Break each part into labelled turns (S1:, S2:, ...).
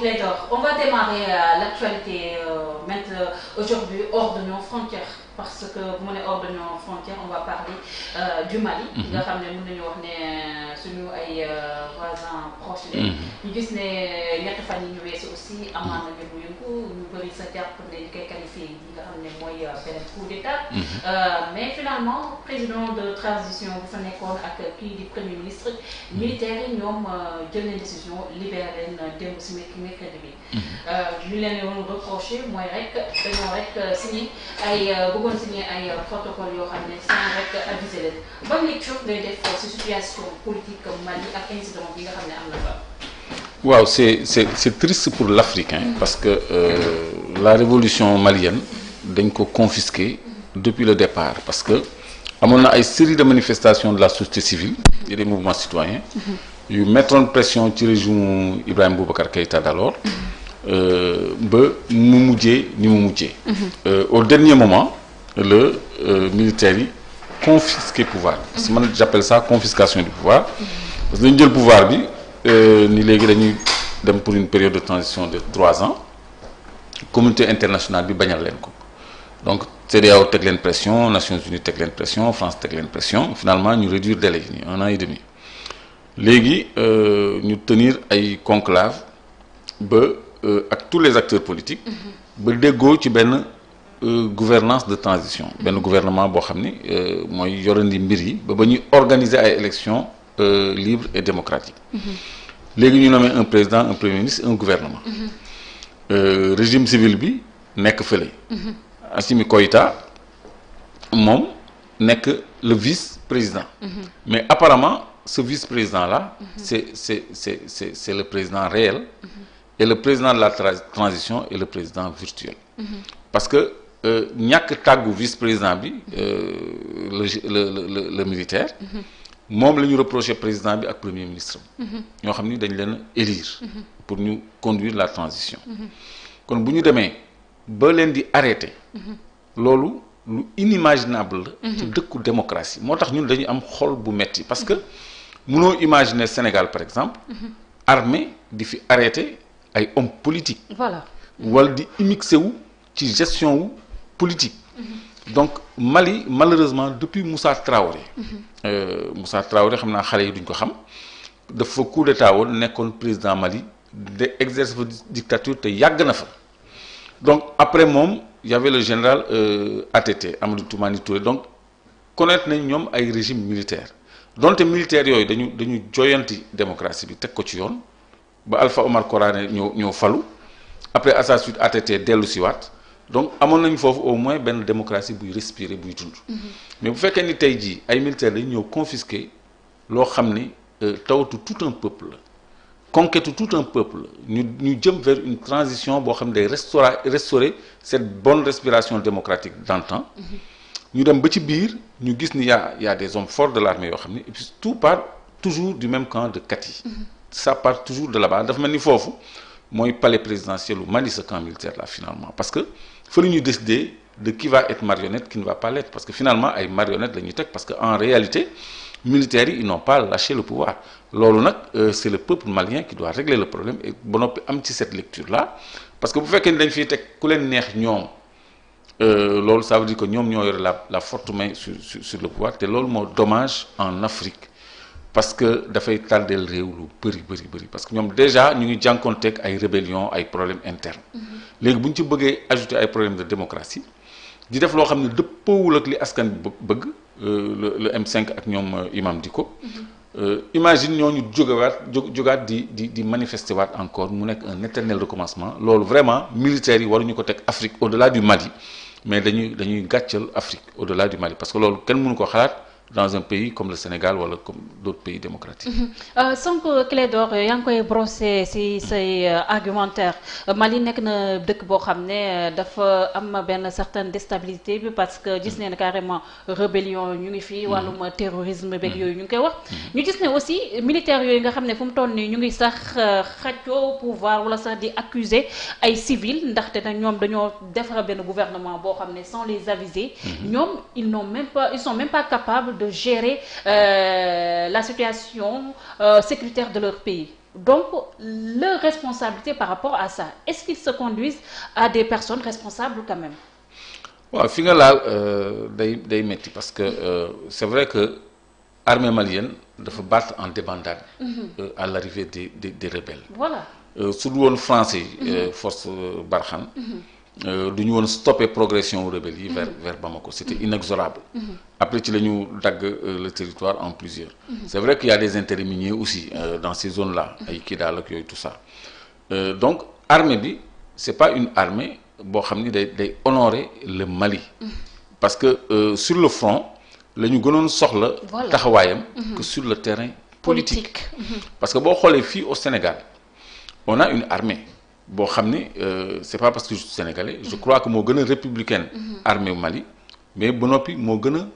S1: Clédor, on va démarrer euh, l'actualité euh, maintenant aujourd'hui hors de nos frontières. parce que bu mu ne hors de nos frontières on va parler euh, du Mali. Mhm. nga xam ne mën nañu wax ne euh, suñu ay euh, voisins proches la. Mhm. ñu gis ne euh, ñett fan yi ñu weesu aussi amaan na ñu yëngu ñu bëri sa jàpp ne ñu koy qualifié yi nga xam ne mooy beneen coup d'état. Mhm. mais finalement président de transition bu fa nekkoon ak kii di premier ministre militaire yi ñoom jël nañ décision libéré leen démb si mercredi bi. ñu leen doon reproché mooy rek dañoo rek signé ay.
S2: waaw c'est c'est c'est triste pour lafricain parce que euh, la révolution malienne dañ ko confisquer depuis le départ parce que amoon na ay série de manifestation de la société civile et des mouvements citoyens yu mettoon pression ci régime Ibrahima Boubacar Keïta d'alors euh, ba mu mujjee ni mu mujjee euh, au dernier moment le euh, militaires yi confisquer pouvoir bi parce que man j'appelle sa confiscation du pouvoir parce que dañu jël pouvoir bi euh, ni léegi dañuy dem pour une période de transition de trois ans communauté internationale bi bañal leen ko donc CEDEAO teg leen pression Nations Unies teg leen pression France teg leen pression finalement ñu réduire délai yi un an et demi léegi euh, ñu tenir ay conclave ba ak tous les acteurs politiques mhm. ba déggoo ci benn Euh, gouvernance de transition benn gouvernement boo xam ni euh, mooy yorandi mbir yi ba ba ñuy organiser ay élections euh, libres et démocratiques mm-hmm. léegi ñu nommé un président un premier ministre un gouvernement mm-hmm. régime civil bi nekk fële mm-hmm. Assimi Koïta moom nekk le vice-président mais apparemment ce vice-président là c'est c'est c'est c'est le président réel et le président de la transition et le président virtuel Euh, ñàkk tàggu vice président bi euh, le le le le militaire. moom la ñu reproché président bi ak premier ministre ñoo xam ni dañ leen élire pour ñu conduire la transition kon bu ñu demee ba leen di arrêté loolu lu inimaginable la ci dëkku démocratie moo tax ñu dañu am xol bu metti parce que mënoo imaginer Sénégal par exemple armée di fi arrêté ay hommes politiques voilà wala di immixé wu ci gestion wu politique. donc Mali malheureusement depuis Moussa Traoré. Mhm. Euh, Moussa Traoré xam naa xale yi duñ ko xam dafa coup d'état woon nekkoon président Mali de exerce fa dictature te yàgg na fa donc après moom y avait le général euh, ATT Amadou Toumani Touré donc connaître nañ ñoom ay régime militaire donte militaire yooyu dañu dañu joyanti démocratie bi teg ko ci yoon ba Alpha Omar Korane ñoo falu après à ATT dellu siwaat donc amoon nañu foofu au moins benn démocratie buy respirer buy dund. Mhm. mais bu fekkee ni tey jii ay militaires dañu ñoo confisquer loo xam ni euh, tawatu tout un peuple la conquête tout un peuple ñu ñu jëm vers une transition boo xam ne day restaurer restaurer cette bonne respiration démocratique d'antan mhm. ñu dem ba ci biir ñu gis ni yaa y a des hommes forts de l'armée yoo xam ni tout part toujours du même camp de kat yi. Mhm. ça part toujours de là-bas dafa mel ni foofu. mooy palais présidentiel lu Mali ce camp militaire là finalement parce que fa la ñuy décider de qui va être marionnette qui ne va pas l'être parce que finalement ay marionnette la ñuy teg parce que en réalité militaires yi ils n'ont pas lâché le pouvoir loolu nag euh, c'est le peuple malien qui doit régler le problème et ba noppi am ci cette lecture là parce que bu fekkee ni dañ fi teg ku leen neex ñoom euh, loolu ça veut dire que ñoom ñoo yore la la forte main sur sur le pouvoir te loolu moo dommage en Afrique parce que dafay tardeel réew lu bëri bëri bëri parce que ñoom déjà ñu ngi jànkoonteeg ay rébellion ay problème interne mm-hmm. léegi bu ñu ci bëggee ajouter ay problème de démocratie di def loo xam ne dëppoowul ak li askan bi bëgg euh, le M5 ak ñoom euh, imam di ko mm-hmm. euh, imagine ñooñu jógewaat jó jógaat di di di manifester waat encore mu nekk un éternel recommencement loolu vraiment militaires yi ñu ko teg Afrique au-delà du Mali mais dañuy dañuy gàccal Afrique au-delà du Mali parce loolu kenn mënu ko xalaat dans un pays comme le Sénégal wala comme d'autres pays démocratiques.
S1: Mhm. Euh, sànq Clédor yaa ngi koy brosser ci say euh, argumentaire euh, Mali nekk na dëkk boo xam ne dafa am benn certaine déstabilité bi parce que gis mhm. neen carrément rébellion ñu ngi fi. Mhm. wàllum terrorisme beeg yooyu ñu ngi koy wax. ñu gis ne aussi militaires yooyu nga xam ne fu mu toll nii ñu ngi sax xaccoo pouvoir wala sax di accuser ay civils ndaxte nag ñoom dañoo defar benn gouvernement boo xam ne sans les aviser. de gérer euh, la situation euh, sécuritaire de leur pays. Donc, leur responsabilité par rapport à ça, est-ce qu'ils se conduisent à des personnes responsables quand même
S2: waaw fi nga laal euh, day day métti parce que euh, c'est vrai que armée malienne dafa battre en débandade mhm. à l'arrivée des des des rebelles. voilà su dul français mhm. force Barkhane. Mhm. Euh, du ñu woon stoppé progression rebelle yi mhm. vers vers Bamako c'était mhm. inexorable mhm. après ci la ñu dagg euh, le territoire en plusieurs c'est vrai qu'il y a des intérêts aussi euh, dans ces zones là ay Kidal ak yooyu tout ça donc armée bi c'est pas une armée boo xam ni day day honorer le Mali parce que sur le front la ñu gënoon soxla taxawaayam que sur le terrain politique parce que boo xoolee fii au Sénégal on a une armée boo xam ni euh, c'est pas parce que je suis je crois que moo gën a républicaine armée Mali mais ba noppi moo gën a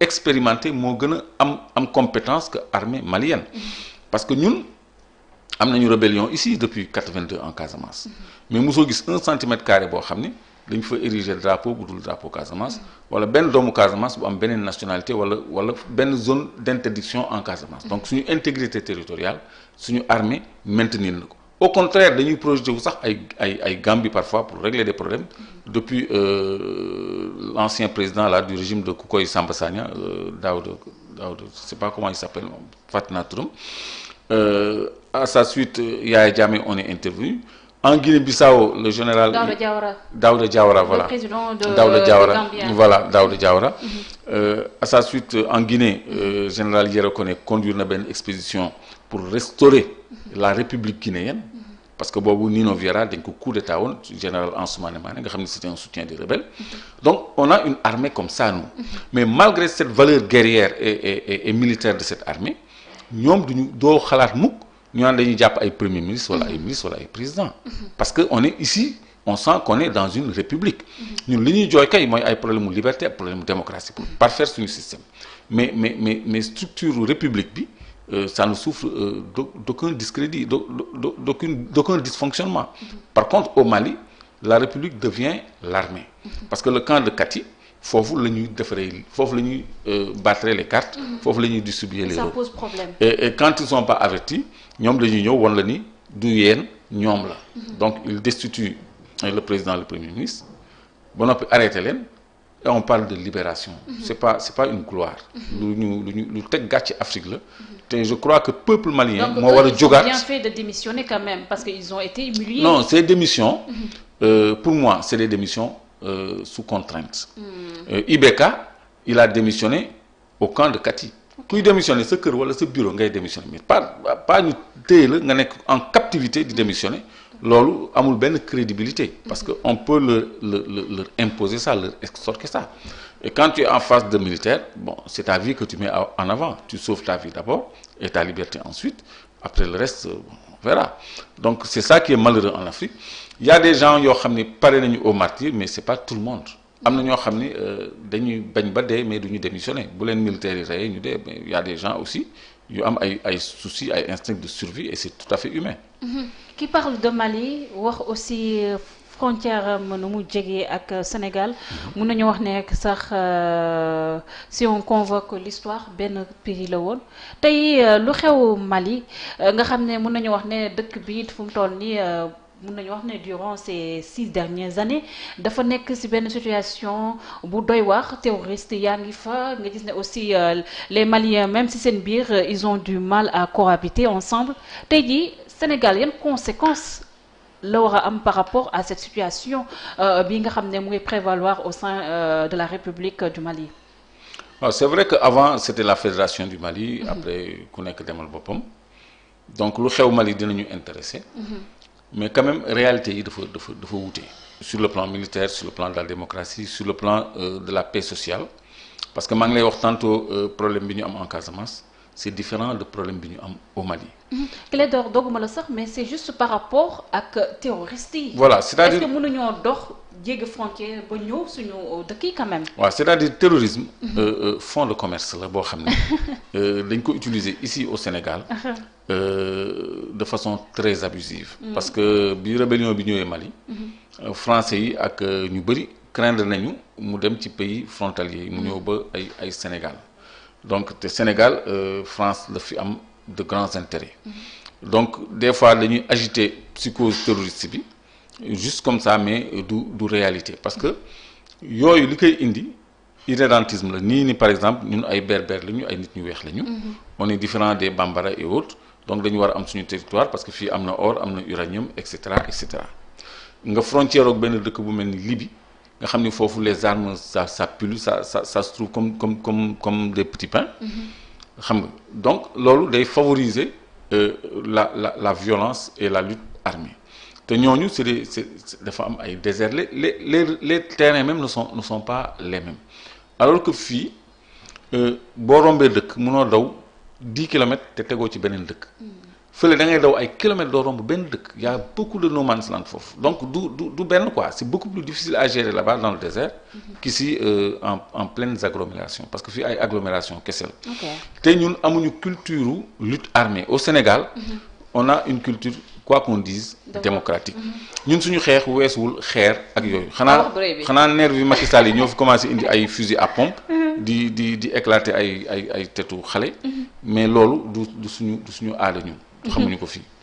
S2: expérimenté moo gën a am am compétence que armée malienne parce que ñun am nañu rébellion ici depuis 82 en Casamance mais mosoo gis un centimètre carré boo xam ni dañu fa ériger drapeau bu dul drapeau Casamance wala benn doomu Casamance bu am beneen nationalité wala wala benn zone d'interdiction en Casamance donc suñu intégrité territoriale suñu armée maintenir na ko au contraire dañuy projeté wu sax ay ay ay Gambie parfois pour régler des problèmes depuis euh, l'ancien président là du régime de Kukoy Samba Sagna euh, Daouda Daouda je sais pas comment il s'appelle fàttali naa turam euh, à sa suite euh, Yaya Jammeh on est intervenu en Guinée-Bissau le général Daouda Diawara Daouda Diawara voilà
S1: Daouda
S2: Diawara voilà mhm. à sa suite en Guinée général Yero Koné conduire na benn expédition pour restaurer la République guinéenne parce que boobu Nino Viera dañ ko coup d'état woon général Ansoumana Mané nga xam ne c'était un soutien des rebelles donc on a une armée comme ça mais malgré cette valeur guerrière et militaire de cette armée ñoom ñu doo xalaat mukk ñu naan dañuy jàpp ay premier ministre wala ay ministre wala ay président parce que on est ici on sent qu'on est dans une république ñun li ñuy jooy kay mooy ay problème mu liberté ak problème démocratie pour parfaire mais mais mais mais structure république bi Euh, ça ne souffre euh, d'aucun discrédit, d'aucun dysfonctionnement. Par contre, au Mali, la République devient l'armée. Parce que le camp de Kati, foofu la ñuy defaree foofu la ñuy euh, battre les cartes. foofu la ñuy distribuer les. ça et et quand ils sont pas avertis ñoom dañuy ñëw wan la ni du yéen ñoom la. Mhm. donc ils destituent le président le premier ministre ba noppi arrêté leen. et on parle de libération. c'est pas c'est une gloire. lu ñu lu ñu lu teg gàcce Afrique la. te je crois que peuple malien. moo war a jógaat donc bien
S1: fait de démissionner quand même parce que ils ont été humiliés. non ces
S2: démissions. Euh, pour moi c'est des démissions euh, sous contrainte. Hmm. Euh, Ibeka il a démissionné au camp de Kati. kuy démissionner sa kër wala sa bureau ngay démissionner mais pas pas ñu téye la nga nekk en captivité di démissionner. loolu amul benn crédibilité parce que on peut leur leur leur imposer ça leur extorquer ça et quand tu es en face de militaire bon c'est ta vie que tu mets en avant tu sauves ta vie d'abord et ta liberté ensuite après le reste bon, euh, verra donc c'est ça qui est malheureux en Afrique il y a des gens yoo xam ne pare nañu au martyre mais c'est pas tout le monde am na ñoo xam ni euh, dañuy bañ ba dee mais duñu démissionner bu leen militaires yi reyee ñu dee mais y a des gens aussi yu am ay ay soucis ay instinct de survie et c'est tout à fait humain.
S1: Mm-hmm. qui parle de Mali wax aussi. frontière nu mu jege ak Sénégal mm-hmm. mun nañu wax ne sax euh, si on convoque l'histoire benn pays la woon tey euh, lu xew Mali nga xam ne mun nañu wax ne dëkk bi it fu mu toll nii mun nañu wax ne durant ces six dernières années dafa nekk ci benn situation bu doy wax terroriste yaa ngi fa nga gis ne aussi euh, les Maliens même si seen biir euh, ils ont du mal à cohabiter ensemble tey jii Sénégal yan conséquence la war am par rapport à cette situation euh, bi nga xam ne mu ngi prévaloir au sein euh, de la République du Mali. waaw
S2: ah, c'est vrai que avant c'était la fédération du Mali. Mm-hmm. après ku nekk demal boppam. donc lu xew Mali dinañu intéressé. Mm-hmm. mais quand même réalité yi dafa dafa dafa wuute sur le plan militaire sur le plan de la démocratie sur le plan euh, de la paix sociale parce que maa ngi lay wax tantôt euh, problème bi ñu am en Casamance c'est différent de problème bi ñu am au Mali
S1: Clédor doguma la sax mais c'est juste par rapport ak terroristes yi. voilà c'est-à-dire est-ce que mënuñoo dox jéggi frontière ba ñëw suñu dëkk yi quand même.
S2: c'est-à-dire terrorisme. Mhm. Euh, euh, fonds de commerce la boo xam ne. Euh, dañ ko utiliser ici au Sénégal. Uh-huh. de façon très abusive. Mm. parce que bi rébellion bi ñëwee Mali. Mm-hmm. français yi ak ñu bari craindre nañu mu dem ci pays frontalier yi mu ñëw mm. ba ay ay Sénégal donc te Sénégal France la fi am. de grands intérêts donc des fois dañuy agité psychose terroriste bi juste comme ça mais du du réalité parce que yooyu li koy indi irrédentisme la nii ni par exemple ñun ay berbère lañu ay nit ñu weex lañu. Mhm. on ne différent des bambara et autres donc dañu war a am suñu territoire parce que fii am na or am na uranium et cetera et cetera nga frontière benn dëkk bu mel ni Libye nga xam ni foofu les armes ça ça pullule ça sa ça trouve comme comme comme comme des petits pains. Mhm. xam nga donc loolu day favoriser euh, la la la violence et la lutte armée te ñooñu c'est dafa am ay déserts les les les les terrains ne sont ne son pas les mêmes alors que fii euh, boo rombee dëkk munoo daw dix kilomètres te tegoo ci beneen dëkk. Hmm. fële da ngay daw ay kilomètres doo romb benn dëkk y' a beaucoup de no man's foofu donc du du benn quoi c' est beaucoup plus difficile à gérer là-bas dans le désert. Mhm. qu'ici euh, en en pleine agglomération parce que fii ay agglomération kese la. te ñun amuñu culture lutte armée au Sénégal. Mm -hmm. on a une culture quoi qu'on démocratique mhm. ñun suñu xeex weesuwul xeer ak yooyu. xanaa oh, xanaa nervi bi Macky Sall yi ñoo fi commencé indi ay fusil à pompe. Mhm. di di di éclater ay ay ay tetu xale. mais loolu du suñu suñu aada ñun. xamuñu ko fii